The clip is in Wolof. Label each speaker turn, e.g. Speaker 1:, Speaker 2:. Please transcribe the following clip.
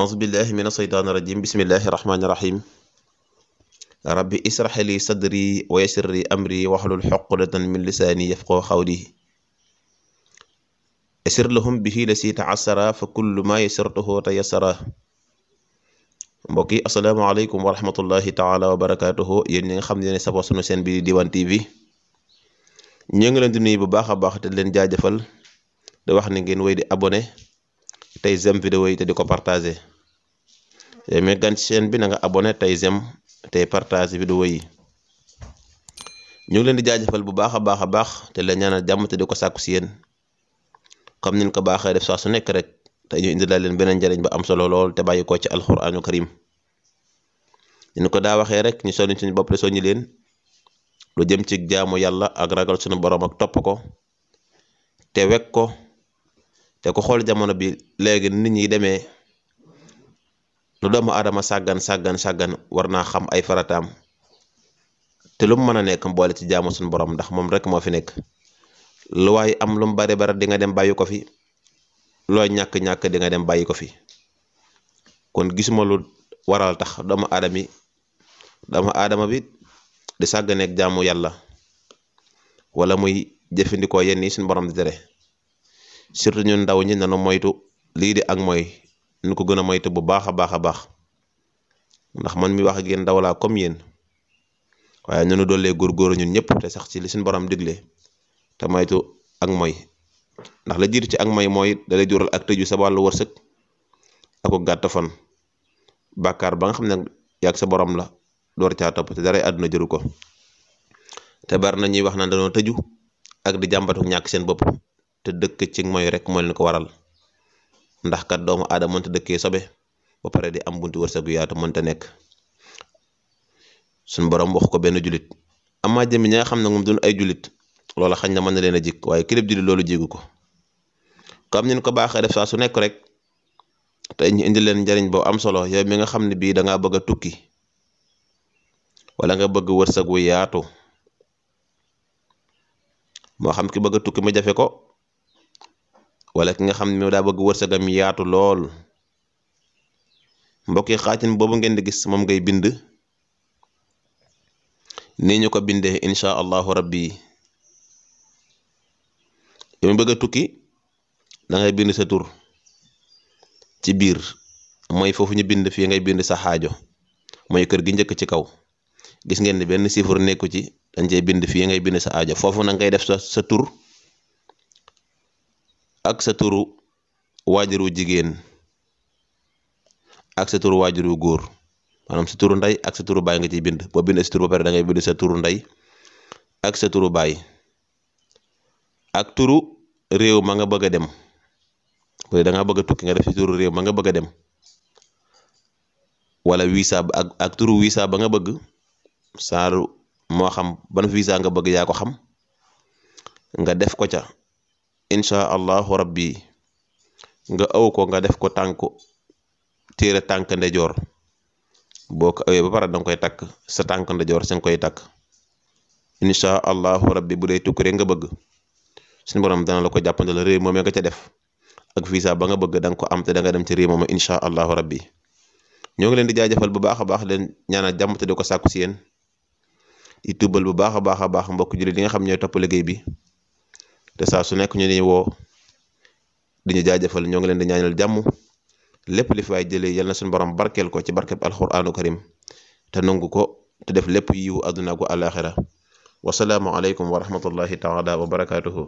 Speaker 1: aousubillahi min asheytaani irajim bismillahi irahmaaniirahim rabbi israxli sadri wa yassir li amri waxlul xoqdatan min lisaani yafqoo xawli sir si taasara fa kullu ma yasartuhu tayassara mbokk yi asalaamaaleykum wa rahmatullahi taala wa barakatuhu yéen ñi nga xam ngi leen di nuyu bu baax a baax te leen jaajëfal di wax ngeen wéy di abonné tey zam yi te di ko Eh, mais gan chaîne bi na nga abonné tey j'aime tey partage vidéo yi ñu ngi leen di jaajëfal bu baax a baax a baax te la a jàmm te di ko sàkku si yéen comme niñ ko baaxee def saa su nekk rek tey ñu indi daal leen beneen njariñ ba am solo lool te bàyyi ko ci alxuraanu karim ñu ko daa waxee rek ñu soññ suñu bopp soññi leen lu jëm ci jaamu yàlla ak ragal suñu borom ak topp ko te wekk ko te ko xool jamono bi léegi nit ñi demee. lu doomu aadama sàggan sàggan sàggan war naa xam ay farataam te lum mu mën a nekk mboole ci jaamu suñu borom ndax moom rek moo fi nekk lu waay am lu mu bari bari di dem bàyyi ko fi looy ñàkk-ñàkk di dem bàyyi ko fi kon gisuma lu waral tax doomu aadama yi doomu aadama bi di sàgganeeg jaamu yàlla walla muy jëfandikoo yenn yi suñu borom di tere surtout ñun ndaw ñi nanu moytu lii di ak mooy nu ko gën a moytu bu baax a baax a baax ndax man mi wax ak gen ndaw laa comme yéen waaye nunu góor góorgóoru ñun ñëpp te sax ci li suñu borom digle te moytu ak moy ndax la jiitu ci ak moy mooy dalay jural ak tëju sa wàllu wërsëg ak gàtt fan bàkkaar ba nga xam ne yàgg sa borom la door caa topp te daray àdduna jëru ko te bari na ñuy wax naan dañoo tëju ak di jàmbatu ñàkk seen bopp te dëkk ci mooy rek moo leen ko waral ndax kat doomu aadama mënta dëkk sobe ba pare di am buntu wërsëg gu yaatu mënta nekk suñ borom wax ko benn julit amaa jëmi ñi nga xam ne moom duñ ay julit loola xañ na mën na leen a jik waaye kilib loolu jéegu ko comme ni ko baaxee def saa su nekk rek te indi leen njariñ boo am solo yow mi nga xam ne bii da ngaa a tukki wala nga bëgg wërsëg wu yaatu moo xam ki bëgg tukki mu jafe ko. wala ki nga xam ne daa bëgg wërsëgam yaatu lool mbokki xaatim boobu ngeen di gis moom ngay bind ni ñu ko bindee incha allahu rabbi yow bëgg a tukki da bind sa tur ci biir mooy foofu ñu bind fii ngay bind sa xaajo mooy kër gi njëkk ci kaw gis ngeen ni benn chiffre nekku ci dañ cey bind fii ngay bind sa aajo foofu nag ngay def sa sa tur ak sa turu waajuru jigéen ak sa turu wu góor maanaam sa turu ndey ak sa turu baay nga ciy bind boo bind sa turu ba da ngay bind sa turu ndey ak sa turu baay ak turu réew ma nga bëgg dem bu dee bëgg tukki nga def ci turu réew nga bëgg a dem wala visa ak ak turu visa ba nga bëgg saaru moo xam ban visa nga bëgg yaa ko xam nga def ko ca. incha allahu rabbi nga aw ko nga def ko tànku téere tànk ndejoor boo ko awee ba pare danga koy takk sa tànk ndejoor sa koy takk incha allahu rabbi bu dee tukki rek nga bëgg suñu borom dana la ko jàppante la réew moom nga ca def ak visa ba nga bëgg da nga ko am te da dem ci réew moom incha allahu rabbi ñoo ngi leen di jaajëfal bu baax a baax leen ñaanal jàmm te di ko sàkku si yéen di tuubal bu baax a baax a baax mbokk jullit yi nga xam ñooy topp liggéey bi. te saa su nekk ñu ni woo diñu jaajëfal ñoo ngi leen di ñaanal jàmm lépp li fay jëlee yal na suñu borom barkeel ko ci barkeb alquranu karim te nangu ko te def lépp yiwu àdduna ko àlaxira wasalaamu aleykum wa rahmatullahi taala wa barakatuhu